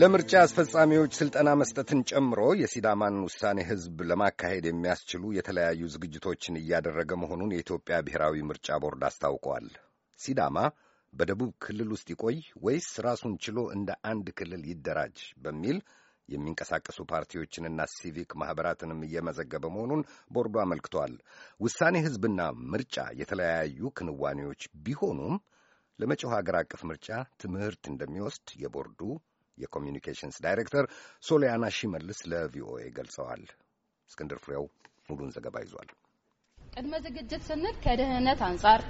ለምርጫ አስፈጻሚዎች ሥልጠና መስጠትን ጨምሮ የሲዳማን ውሳኔ ሕዝብ ለማካሄድ የሚያስችሉ የተለያዩ ዝግጅቶችን እያደረገ መሆኑን የኢትዮጵያ ብሔራዊ ምርጫ ቦርድ አስታውቀዋል። ሲዳማ በደቡብ ክልል ውስጥ ይቆይ ወይስ ራሱን ችሎ እንደ አንድ ክልል ይደራጅ በሚል የሚንቀሳቀሱ ፓርቲዎችንና ሲቪክ ማኅበራትንም እየመዘገበ መሆኑን ቦርዱ አመልክቷል። ውሳኔ ሕዝብና ምርጫ የተለያዩ ክንዋኔዎች ቢሆኑም ለመጪው ሀገር አቀፍ ምርጫ ትምህርት እንደሚወስድ የቦርዱ የኮሚኒኬሽንስ ዳይሬክተር ሶሊያና ሺመልስ ለቪኦኤ ገልጸዋል። እስክንድር ፍሬው ሙሉን ዘገባ ይዟል። ቅድመ ዝግጅት ስንል ከደህንነት አንጻር፣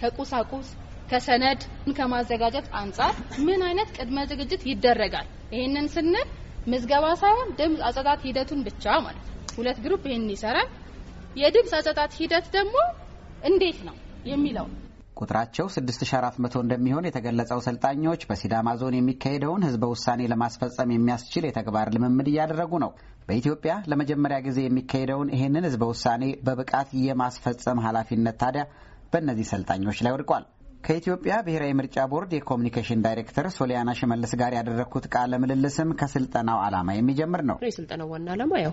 ከቁሳቁስ፣ ከሰነድ ከማዘጋጀት አንጻር ምን አይነት ቅድመ ዝግጅት ይደረጋል? ይህንን ስንል ምዝገባ ሳይሆን ድምፅ አጸጣት ሂደቱን ብቻ ማለት ነው። ሁለት ግሩፕ ይህን ይሰራል። የድምፅ አጸጣት ሂደት ደግሞ እንዴት ነው የሚለው ቁጥራቸው 6400 እንደሚሆን የተገለጸው ሰልጣኞች በሲዳማ ዞን የሚካሄደውን ህዝበ ውሳኔ ለማስፈጸም የሚያስችል የተግባር ልምምድ እያደረጉ ነው። በኢትዮጵያ ለመጀመሪያ ጊዜ የሚካሄደውን ይህንን ህዝበ ውሳኔ በብቃት የማስፈጸም ኃላፊነት ታዲያ በእነዚህ ሰልጣኞች ላይ ወድቋል። ከኢትዮጵያ ብሔራዊ ምርጫ ቦርድ የኮሚኒኬሽን ዳይሬክተር ሶሊያና ሽመልስ ጋር ያደረግኩት ቃለ ምልልስም ከስልጠናው ዓላማ የሚጀምር ነው። የስልጠናው ዋና ዓላማ ያው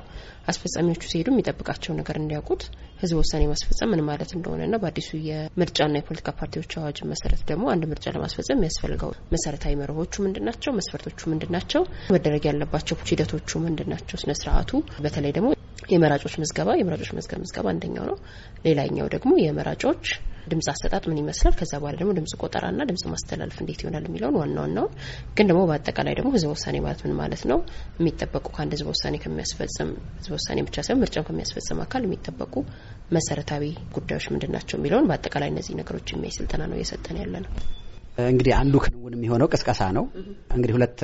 አስፈጻሚዎቹ ሲሄዱ የሚጠብቃቸው ነገር እንዲያውቁት ህዝብ ውሳኔ ማስፈጸም ምን ማለት እንደሆነና በአዲሱ የምርጫና የፖለቲካ ፓርቲዎች አዋጅ መሰረት ደግሞ አንድ ምርጫ ለማስፈጸም የሚያስፈልገው መሰረታዊ መርሆቹ ምንድናቸው፣ መስፈርቶቹ ናቸው፣ መደረግ ያለባቸው ሂደቶቹ ናቸው፣ ስነስርአቱ በተለይ ደግሞ የመራጮች ምዝገባ የመራጮች መዝገብ ምዝገባ አንደኛው ነው። ሌላኛው ደግሞ የመራጮች ድምጽ አሰጣጥ ምን ይመስላል፣ ከዛ በኋላ ደግሞ ድምጽ ቆጠራና ድምጽ ማስተላለፍ እንዴት ይሆናል የሚለውን ዋና ዋናውን ግን ደግሞ በአጠቃላይ ደግሞ ህዝበ ውሳኔ ማለት ምን ማለት ነው፣ የሚጠበቁ ከአንድ ህዝበ ውሳኔ ከሚያስፈጽም ህዝበ ውሳኔ ብቻ ሳይሆን ምርጫም ከሚያስፈጽም አካል የሚጠበቁ መሰረታዊ ጉዳዮች ምንድን ናቸው የሚለውን በአጠቃላይ እነዚህ ነገሮች የሚያይ ስልጠና ነው እየሰጠን ያለ ነው። እንግዲህ አንዱ ክንውን የሚሆነው ቅስቀሳ ነው። እንግዲህ ሁለት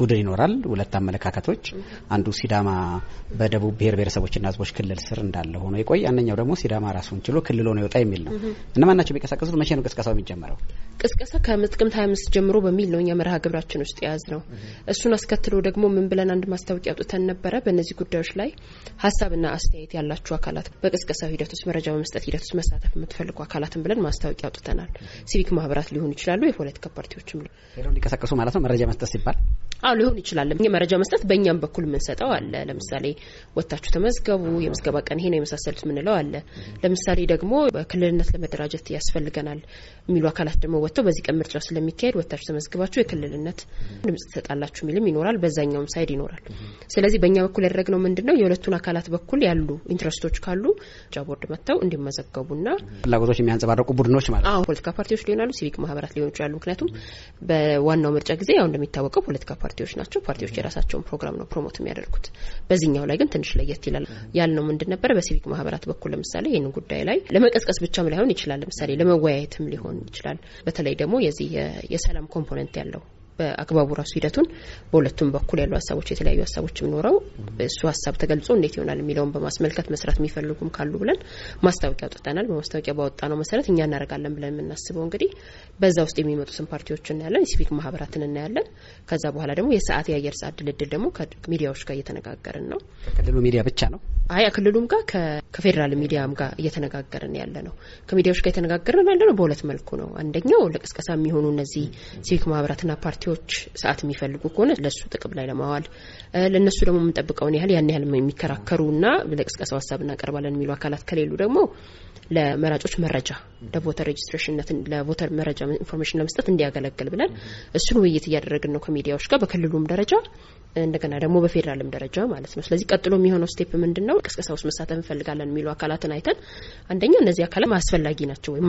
ቡድን ይኖራል። ሁለት አመለካከቶች፣ አንዱ ሲዳማ በደቡብ ብሔር ብሔረሰቦችና ሕዝቦች ክልል ስር እንዳለ ሆኖ ይቆይ፣ አንደኛው ደግሞ ሲዳማ ራሱን ችሎ ክልል ሆኖ ይወጣ የሚል ነው። እነማን ናቸው የሚቀሳቀሱት? መቼ ነው ቅስቀሳው የሚጀመረው? ቅስቀሳ ከጥቅምት 25 ጀምሮ በሚል ነው እኛ መርሃ ግብራችን ውስጥ የያዝ ነው። እሱን አስከትሎ ደግሞ ምን ብለን አንድ ማስታወቂያ አውጥተን ነበረ። በእነዚህ ጉዳዮች ላይ ሀሳብና አስተያየት ያላችሁ አካላት በቅስቀሳው ሂደት ውስጥ መረጃ በመስጠት ሂደት ውስጥ መሳተፍ የምትፈልጉ አካላትን ብለን ማስታወቂያ አውጥተናል። ሲቪክ ማህበራት ሊሆኑ ይችላሉ፣ የፖለቲካ ፓርቲዎችም ሊቀሳቀሱ ማለት ነው። መረጃ መስጠት ሲባል አዎ ሊሆን ይችላል። መረጃ መስጠት በእኛም በኩል የምንሰጠው አለ። ለምሳሌ ወታችሁ ተመዝገቡ፣ የምዝገባ ቀን ይሄ ነው የመሳሰሉት ምንለው አለ። ለምሳሌ ደግሞ በክልልነት ለመደራጀት ያስፈልገናል የሚሉ አካላት ደግሞ ወጥተው በዚህ ቀን ምርጫው ስለሚካሄድ ወታችሁ ተመዝግባችሁ የክልልነት ድምጽ ትሰጣላችሁ የሚልም ይኖራል። በዛኛውም ሳይድ ይኖራል። ስለዚህ በእኛ በኩል ያደረግነው ምንድን ነው የሁለቱን አካላት በኩል ያሉ ኢንትረስቶች ካሉ ምርጫ ቦርድ መጥተው እንዲመዘገቡና ፍላጎቶች የሚያንጸባረቁ ቡድኖች ማለት ነው። ፖለቲካ ፓርቲዎች ሊሆናሉ፣ ሲቪክ ማህበራት ሊሆኑ ይችላሉ። ምክንያቱም በዋናው ምርጫ ጊዜ ያው እንደሚታወቀው ፖለቲካ ፓርቲዎች ናቸው። ፓርቲዎች የራሳቸውን ፕሮግራም ነው ፕሮሞት የሚያደርጉት። በዚህኛው ላይ ግን ትንሽ ለየት ይላል። ያልነው ምንድን ነበረ፣ በሲቪክ ማህበራት በኩል ለምሳሌ ይህንን ጉዳይ ላይ ለመቀስቀስ ብቻም ላይሆን ይችላል፣ ለምሳሌ ለመወያየትም ሊሆን ይችላል። በተለይ ደግሞ የዚህ የሰላም ኮምፖነንት ያለው በአግባቡ ራሱ ሂደቱን በሁለቱም በኩል ያሉ ሀሳቦች የተለያዩ ሀሳቦች ኖረው እሱ ሀሳብ ተገልጾ እንዴት ይሆናል የሚለውን በማስመልከት መስራት የሚፈልጉም ካሉ ብለን ማስታወቂያ አውጥተናል። በማስታወቂያ ባወጣ ነው መሰረት እኛ እናደርጋለን ብለን የምናስበው እንግዲህ በዛ ውስጥ የሚመጡትን ፓርቲዎች እናያለን፣ የሲቪክ ማህበራትን እናያለን። ከዛ በኋላ ደግሞ የሰዓት የአየር ሰዓት ድልድል ደግሞ ከሚዲያዎች ጋር እየተነጋገርን ነው። ከክልሉ ሚዲያ ብቻ ነው አይ ክልሉም ጋር ከፌዴራል ሚዲያም ጋር እየተነጋገርን ያለ ነው። ከሚዲያዎች ጋር የተነጋገርን ያለ ነው በሁለት መልኩ ነው። አንደኛው ለቅስቀሳ የሚሆኑ እነዚህ ሲቪክ ማህበራትና ፓርቲዎች ሰዓት የሚፈልጉ ከሆነ ለሱ ጥቅም ላይ ለማዋል ለእነሱ ደግሞ የምንጠብቀውን ያህል ያን ያህል የሚከራከሩና ለቅስቀሳው ሀሳብ እናቀርባለን የሚሉ አካላት ከሌሉ ደግሞ ለመራጮች መረጃ ለቮተር ሬጅስትሬሽንነት ለቮተር መረጃ ኢንፎርሜሽን ለመስጠት እንዲያገለግል ብለን እሱን ውይይት እያደረግን ነው ከሚዲያዎች ጋር በክልሉም ደረጃ እንደገና ደግሞ በፌዴራልም ደረጃ ማለት ነው። ስለዚህ ቀጥሎ የሚሆነው ስቴፕ ምንድን ነው? ቅስቀሳ ውስጥ መሳተፍ እንፈልጋለን የሚሉ አካላትን አይተን አንደኛ እነዚህ አካላት አስፈላጊ ናቸው ወይ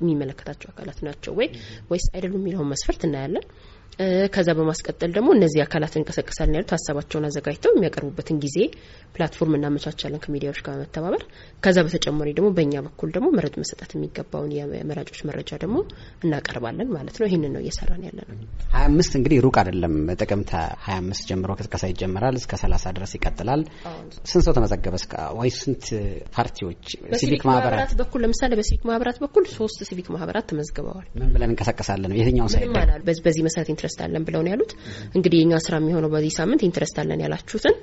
የሚመለከታቸው አካላት ናቸው ወይ ወይስ አይደሉም የሚለውን መስፈርት እናያለን። ከዛ በማስቀጠል ደግሞ እነዚህ አካላት እንቀሳቀሳለን ያሉት ሀሳባቸውን አዘጋጅተው የሚያቀርቡበትን ጊዜ ፕላትፎርም እናመቻቻለን ከሚዲያዎች ጋር መተባበር። ከዛ በተጨማሪ ደግሞ በእኛ በኩል ደግሞ መረጥ መሰጠት የሚገባውን የመራጮች መረጃ ደግሞ እናቀርባለን ማለት ነው። ይህንን ነው እየሰራን ያለ ነው። ሀያ አምስት እንግዲህ ሩቅ አይደለም። ጥቅምት ሀያ አምስት ጀምሮ ቅስቀሳ ይጀምራል እስከ ሰላሳ ድረስ ይቀጥላል። ስንት ሰው ተመዘገበ? እስከ ወይ ስንት ፓርቲዎች ሲቪክ ማህበራት በኩል ለምሳሌ በሲቪክ ማህበራት በኩል ሶስት ሲቪክ ማህበራት ተመዝግበዋል። ምን ብለን እንቀሳቀሳለን? የትኛውን ሳይ በዚህ መሰረት ኢንትረስት አለን ብለው ነው ያሉት። እንግዲህ የኛ ስራ የሚሆነው በዚህ ሳምንት ኢንትረስት አለን ያላችሁትን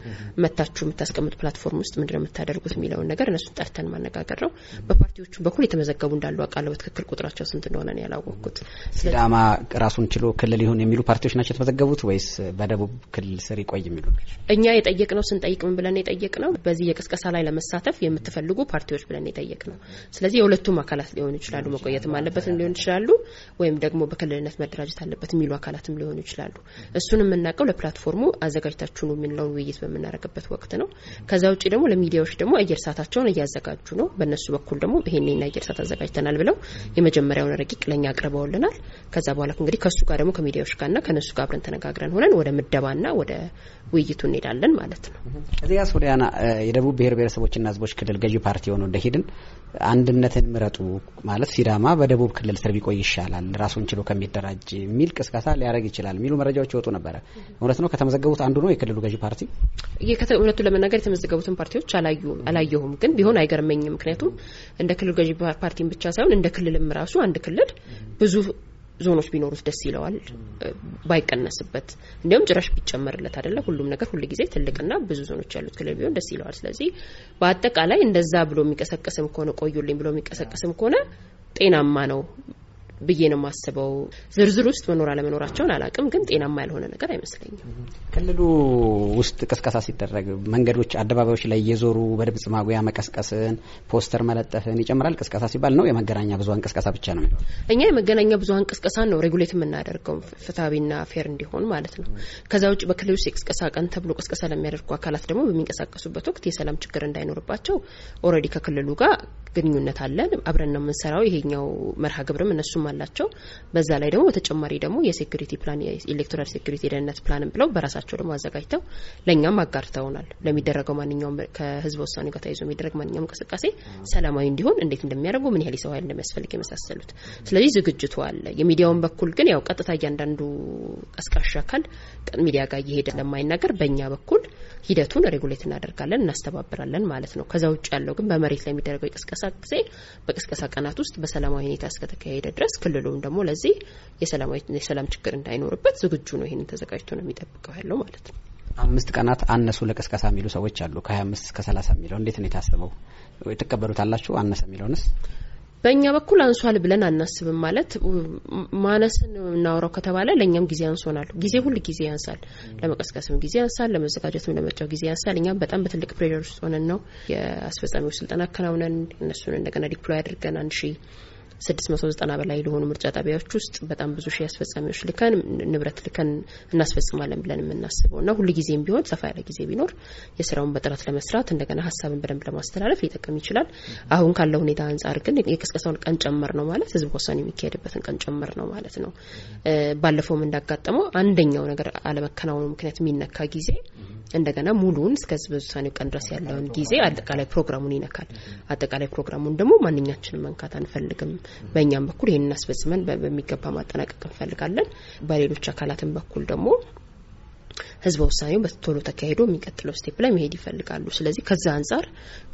መታችሁ የምታስቀምጡ ፕላትፎርም ውስጥ ምንድነው የምታደርጉት የሚለውን ነገር እነሱን ጠርተን ማነጋገር ነው። በፓርቲዎቹ በኩል የተመዘገቡ እንዳሉ አውቃለሁ። በትክክል ቁጥራቸው ስንት እንደሆነ ነው ያላወቅኩት። ሲዳማ ራሱን ችሎ ክልል ይሁን የሚሉ ፓርቲዎች ናቸው የተመዘገቡት ወይስ በደቡብ ክልል ስር ይቆይ የሚሉ እኛ የጠየቅ ነው። ስንጠይቅ ምን ብለን የጠየቅ ነው? በዚህ የቅስቀሳ ላይ ለመሳተፍ የምትፈልጉ ፓርቲዎች ብለን የጠየቅ ነው። ስለዚህ የሁለቱም አካላት ሊሆኑ ይችላሉ። መቆየትም አለበትም ሊሆን ይችላሉ ወይም ደግሞ በክልልነት መደራጀት አለበት የሚሉ አካላት ውይይቶችም ሊሆኑ ይችላሉ። እሱን የምናውቀው ለፕላትፎርሙ አዘጋጅታችሁ ነው የምንለውን ውይይት በምናደርግበት ወቅት ነው። ከዛ ውጭ ደግሞ ለሚዲያዎች ደግሞ አየር ሰዓታቸውን እያዘጋጁ ነው። በእነሱ በኩል ደግሞ ይሄንን አየር ሰዓት አዘጋጅተናል ብለው የመጀመሪያውን ረቂቅ ለእኛ አቅርበውልናል። ከዛ በኋላ እንግዲህ ከእሱ ጋር ደግሞ ከሚዲያዎች ጋርና ከእነሱ ጋር አብረን ተነጋግረን ሆነን ወደ ምደባና ወደ ውይይቱ እንሄዳለን ማለት ነው። እዚህ ጋር ሶሊያና የደቡብ ብሔር ብሔረሰቦችና ሕዝቦች ክልል ገዢ ፓርቲ የሆነው ደኢህዴን አንድነትን ምረጡ ማለት ሲዳማ በደቡብ ክልል ስር ቢቆይ ይሻላል ራሱን ችሎ ከሚደራጅ የሚል ቅስቀሳ ሊያደርግ ማድረግ ይችላል የሚሉ መረጃዎች ይወጡ ነበረ። እውነት ነው። ከተመዘገቡት አንዱ ነው የክልሉ ገዢ ፓርቲ። እውነቱ ለመናገር የተመዘገቡትን ፓርቲዎች አላየሁም፣ ግን ቢሆን አይገርመኝም። ምክንያቱም እንደ ክልሉ ገዢ ፓርቲን ብቻ ሳይሆን እንደ ክልልም ራሱ አንድ ክልል ብዙ ዞኖች ቢኖሩት ደስ ይለዋል። ባይቀነስበት እንዲሁም ጭራሽ ቢጨመርለት አይደለ? ሁሉም ነገር ሁሉ ጊዜ ትልቅና ብዙ ዞኖች ያሉት ክልል ቢሆን ደስ ይለዋል። ስለዚህ በአጠቃላይ እንደዛ ብሎ የሚቀሰቀስም ከሆነ ቆዩልኝ ብሎ የሚቀሰቀስም ከሆነ ጤናማ ነው ብዬ ነው የማስበው። ዝርዝር ውስጥ መኖር አለመኖራቸውን አላቅም፣ ግን ጤናማ ያልሆነ ነገር አይመስለኝም። ክልሉ ውስጥ ቅስቀሳ ሲደረግ መንገዶች፣ አደባባዮች ላይ እየዞሩ በድምጽ ማጉያ መቀስቀስን፣ ፖስተር መለጠፍን ይጨምራል። ቅስቀሳ ሲባል ነው የመገናኛ ብዙኃን ቅስቀሳ ብቻ ነው። እኛ የመገናኛ ብዙሃን ቅስቀሳ ነው ሬጉሌት የምናደርገው ፍትሐዊና ፌር እንዲሆን ማለት ነው። ከዛ ውጭ በክልል ውስጥ የቅስቀሳ ቀን ተብሎ ቅስቀሳ ለሚያደርጉ አካላት ደግሞ በሚንቀሳቀሱበት ወቅት የሰላም ችግር እንዳይኖርባቸው ኦልሬዲ ከክልሉ ጋር ግንኙነት አለን። አብረን ነው የምንሰራው። ይሄኛው መርሃ ግብርም እነሱም አላቸው። በዛ ላይ ደግሞ በተጨማሪ ደግሞ የሴኩሪቲ ፕላን የኤሌክቶራል ሴኩሪቲ የደህንነት ፕላንም ብለው በራሳቸው ደግሞ አዘጋጅተው ለእኛም አጋርተውናል። ለሚደረገው ማንኛውም ከህዝብ ውሳኔ ጋር ተያይዞ የሚደረግ ማንኛውም እንቅስቃሴ ሰላማዊ እንዲሆን እንዴት እንደሚያደርጉ ምን ያህል የሰው ኃይል እንደሚያስፈልግ የመሳሰሉት። ስለዚህ ዝግጅቱ አለ። የሚዲያውን በኩል ግን ያው ቀጥታ እያንዳንዱ ቀስቃሽ አካል ሚዲያ ጋር እየሄደ ለማይናገር በእኛ በኩል ሂደቱን ሬጉሌት እናደርጋለን፣ እናስተባብራለን ማለት ነው። ከዛ ውጭ ያለው ግን በመሬት ላይ የሚደረገው የቀስቀሳ በቅስቀሳ ጊዜ በቅስቀሳ ቀናት ውስጥ በሰላማዊ ሁኔታ እስከተካሄደ ድረስ ክልሉም ደግሞ ለዚህ የሰላም ችግር እንዳይኖርበት ዝግጁ ነው። ይህንን ተዘጋጅቶ ነው የሚጠብቀው ያለው ማለት ነው። አምስት ቀናት አነሱ ለቀስቀሳ የሚሉ ሰዎች አሉ። ከሀያ አምስት እስከ ሰላሳ የሚለው እንዴት ነው የታሰበው? ትቀበሉታላችሁ? አነሰ የሚለውንስ በእኛ በኩል አንሷል ብለን አናስብም። ማለት ማነስን እናውረው ከተባለ ለእኛም ጊዜ አንሶናል። ጊዜ ሁል ጊዜ ያንሳል። ለመቀስቀስም ጊዜ ያንሳል፣ ለመዘጋጀትም ለመጫው ጊዜ ያንሳል። እኛም በጣም በትልቅ ፕሬር ውስጥ ሆነን ነው የአስፈጻሚው ስልጠና አከናውነን እነሱን እንደገና ዲፕሎይ አድርገን አንድ ሺ 690 በላይ ለሆኑ ምርጫ ጣቢያዎች ውስጥ በጣም ብዙ ሺህ አስፈጻሚዎች ልከን ንብረት ልከን እናስፈጽማለን ብለን የምናስበው እና ጊዜም ቢሆን ሰፋ ያለ ጊዜ ቢኖር የስራውን በጥራት ለመስራት እንደገና ሀሳብን በደንብ ለማስተላለፍ ሊጠቅም ይችላል። አሁን ካለው ሁኔታ አንጻር ግን የቅስቀሳውን ቀን ጨመር ነው ማለት ህዝብ ወሰን የሚካሄድበትን ቀን ጨመር ነው ማለት ነው። ባለፈውም እንዳጋጠመው አንደኛው ነገር አለመከናወኑ ምክንያት የሚነካ ጊዜ እንደገና ሙሉውን እስከ ህዝብ ውሳኔው ቀን ድረስ ያለውን ጊዜ አጠቃላይ ፕሮግራሙን ይነካል። አጠቃላይ ፕሮግራሙን ደግሞ ማንኛችንም መንካት አንፈልግም። በእኛም በኩል ይህንን አስፈጽመን በሚገባ ማጠናቀቅ እንፈልጋለን። በሌሎች አካላትም በኩል ደግሞ ህዝበ ውሳኔው በቶሎ ተካሂዶ የሚቀጥለው ስቴፕ ላይ መሄድ ይፈልጋሉ። ስለዚህ ከዛ አንጻር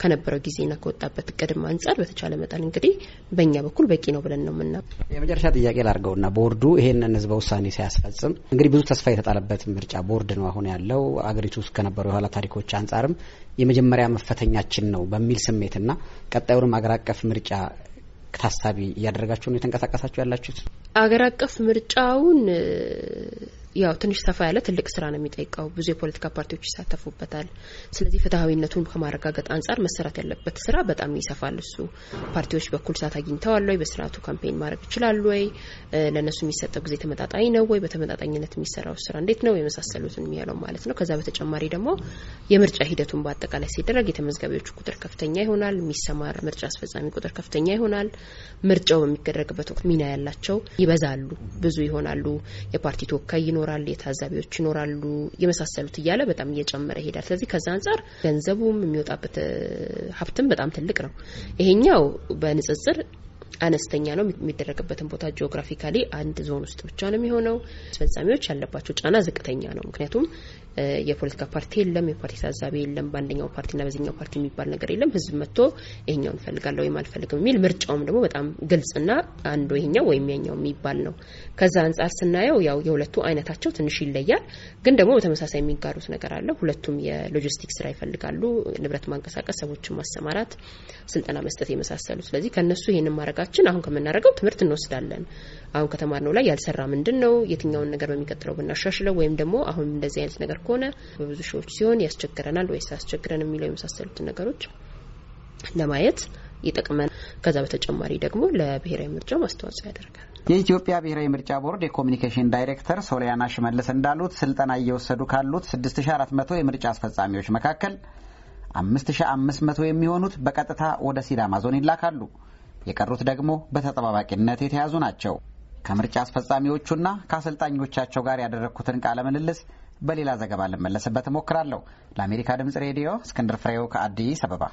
ከነበረው ጊዜና ከወጣበት እቅድም አንጻር በተቻለ መጠን እንግዲህ በእኛ በኩል በቂ ነው ብለን ነው የምና የመጨረሻ ጥያቄ ላድርገውና ቦርዱ ይሄንን ህዝበ ውሳኔ ሲያስፈጽም እንግዲህ ብዙ ተስፋ የተጣለበት ምርጫ ቦርድ ነው አሁን ያለው አገሪቱ ውስጥ ከነበሩ የኋላ ታሪኮች አንጻርም የመጀመሪያ መፈተኛችን ነው በሚል ስሜትና ቀጣዩንም አገር አቀፍ ምርጫ ታሳቢ እያደረጋችሁ ነው የተንቀሳቀሳችሁ ያላችሁት? አገር አቀፍ ምርጫውን ያው ትንሽ ሰፋ ያለ ትልቅ ስራ ነው የሚጠይቀው። ብዙ የፖለቲካ ፓርቲዎች ይሳተፉበታል። ስለዚህ ፍትሐዊነቱን ከማረጋገጥ አንጻር መሰራት ያለበት ስራ በጣም ይሰፋል። እሱ ፓርቲዎች በኩል ሰዓት አግኝተዋል ወይ፣ በስርዓቱ ካምፔን ማድረግ ይችላሉ ወይ፣ ለእነሱ የሚሰጠው ጊዜ ተመጣጣኝ ነው ወይ፣ በተመጣጣኝነት የሚሰራው ስራ እንዴት ነው፣ የመሳሰሉትን የሚያለው ማለት ነው። ከዛ በተጨማሪ ደግሞ የምርጫ ሂደቱን በአጠቃላይ ሲደረግ የተመዝጋቢዎቹ ቁጥር ከፍተኛ ይሆናል። የሚሰማር ምርጫ አስፈጻሚ ቁጥር ከፍተኛ ይሆናል። ምርጫው በሚደረግበት ወቅት ሚና ያላቸው ይበዛሉ፣ ብዙ ይሆናሉ። የፓርቲ ተወካይ ይኖራል፣ የታዛቢዎች ይኖራሉ፣ የመሳሰሉት እያለ በጣም እየጨመረ ይሄዳል። ስለዚህ ከዛ አንጻር ገንዘቡም የሚወጣበት ሀብትም በጣም ትልቅ ነው። ይሄኛው በንጽጽር አነስተኛ ነው። የሚደረግበትን ቦታ ጂኦግራፊካሊ አንድ ዞን ውስጥ ብቻ ነው የሚሆነው። አስፈጻሚዎች ያለባቸው ጫና ዝቅተኛ ነው። ምክንያቱም የፖለቲካ ፓርቲ የለም፣ የፓርቲ ታዛቢ የለም፣ በአንደኛው ፓርቲና በዚኛው ፓርቲ የሚባል ነገር የለም። ህዝብ መጥቶ ይሄኛው እንፈልጋለሁ ወይም አልፈልግም የሚል ምርጫውም ደግሞ በጣም ግልጽና አንዱ ይሄኛው ወይም ያኛው የሚባል ነው። ከዛ አንጻር ስናየው ያው የሁለቱ አይነታቸው ትንሽ ይለያል፣ ግን ደግሞ በተመሳሳይ የሚጋሩት ነገር አለ። ሁለቱም የሎጂስቲክስ ስራ ይፈልጋሉ፣ ንብረት ማንቀሳቀስ፣ ሰዎችን ማሰማራት፣ ስልጠና መስጠት የመሳሰሉ። ስለዚህ ከነሱ ይሄንን ማድረጋችን አሁን ከምናደርገው ትምህርት እንወስዳለን። አሁን ከተማርነው ላይ ያልሰራ ምንድን ነው፣ የትኛውን ነገር በሚቀጥለው ብናሻሽለው ወይም ደግሞ አሁን እንደዚህ አይነት ነገር ከሆነ በብዙ ሺዎች ሲሆን ያስቸግረናል ወይስ ያስቸግረን የሚለው የመሳሰሉትን ነገሮች ለማየት ይጠቅመን። ከዛ በተጨማሪ ደግሞ ለብሔራዊ ምርጫው አስተዋጽኦ ያደርጋል። የኢትዮጵያ ብሔራዊ ምርጫ ቦርድ የኮሚኒኬሽን ዳይሬክተር ሶሊያና ሽመልስ እንዳሉት ስልጠና እየወሰዱ ካሉት 6400 የምርጫ አስፈጻሚዎች መካከል 5500 የሚሆኑት በቀጥታ ወደ ሲዳማ ዞን ይላካሉ። የቀሩት ደግሞ በተጠባባቂነት የተያዙ ናቸው። ከምርጫ አስፈጻሚዎቹና ከአሰልጣኞቻቸው ጋር ያደረግኩትን ቃለ ምልልስ በሌላ ዘገባ ልመለስበት እሞክራለሁ። ለአሜሪካ ድምጽ ሬዲዮ እስክንድር ፍሬው ከአዲስ አበባ